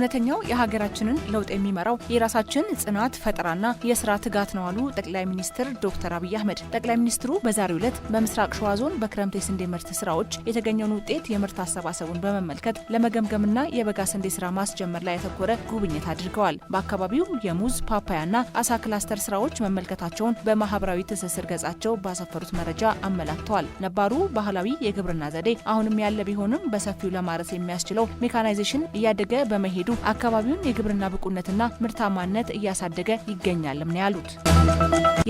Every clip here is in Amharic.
እውነተኛው የሀገራችንን ለውጥ የሚመራው የራሳችን ጽናት ፈጠራና የስራ ትጋት ነው አሉ ጠቅላይ ሚኒስትር ዶክተር አብይ አህመድ። ጠቅላይ ሚኒስትሩ በዛሬው ዕለት በምስራቅ ሸዋ ዞን በክረምት የስንዴ ምርት ስራዎች የተገኘውን ውጤት የምርት አሰባሰቡን በመመልከት ለመገምገምና የበጋ ስንዴ ስራ ማስጀመር ላይ ያተኮረ ጉብኝት አድርገዋል። በአካባቢው የሙዝ ፓፓያና አሳ ክላስተር ስራዎች መመልከታቸውን በማህበራዊ ትስስር ገጻቸው ባሰፈሩት መረጃ አመላክተዋል። ነባሩ ባህላዊ የግብርና ዘዴ አሁንም ያለ ቢሆንም በሰፊው ለማረስ የሚያስችለው ሜካናይዜሽን እያደገ በመሄዱ መወሰዱ አካባቢውን የግብርና ብቁነትና ምርታማነት እያሳደገ ይገኛልም ነው ያሉት።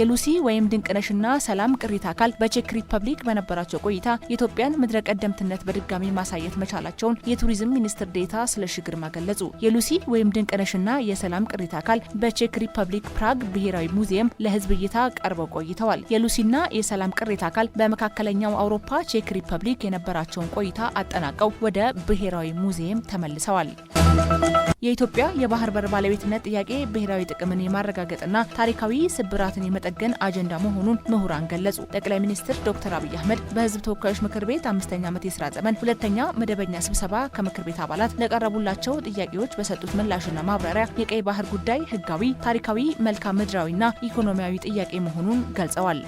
የሉሲ ወይም ድንቅነሽና ሰላም ቅሪት አካል በቼክ ሪፐብሊክ በነበራቸው ቆይታ የኢትዮጵያን ምድረ ቀደምትነት በድጋሚ ማሳየት መቻላቸውን የቱሪዝም ሚኒስትር ዴታ ስለሺ ግርማ ገለጹ። የሉሲ ወይም ድንቅነሽና የሰላም ቅሪት አካል በቼክ ሪፐብሊክ ፕራግ ብሔራዊ ሙዚየም ለሕዝብ እይታ ቀርበው ቆይተዋል። የሉሲና የሰላም ቅሪት አካል በመካከለኛው አውሮፓ ቼክ ሪፐብሊክ የነበራቸውን ቆይታ አጠናቀው ወደ ብሔራዊ ሙዚየም ተመልሰዋል። የኢትዮጵያ የባህር በር ባለቤትነት ጥያቄ ብሔራዊ ጥቅምን የማረጋገጥና ታሪካዊ ስብራትን የመጠገን አጀንዳ መሆኑን ምሁራን ገለጹ። ጠቅላይ ሚኒስትር ዶክተር አብይ አህመድ በሕዝብ ተወካዮች ምክር ቤት አምስተኛ ዓመት የስራ ዘመን ሁለተኛ መደበኛ ስብሰባ ከምክር ቤት አባላት ለቀረቡላቸው ጥያቄዎች በሰጡት ምላሽና ማብራሪያ የቀይ ባህር ጉዳይ ሕጋዊ፣ ታሪካዊ፣ መልክዓ ምድራዊና ኢኮኖሚያዊ ጥያቄ መሆኑን ገልጸዋል።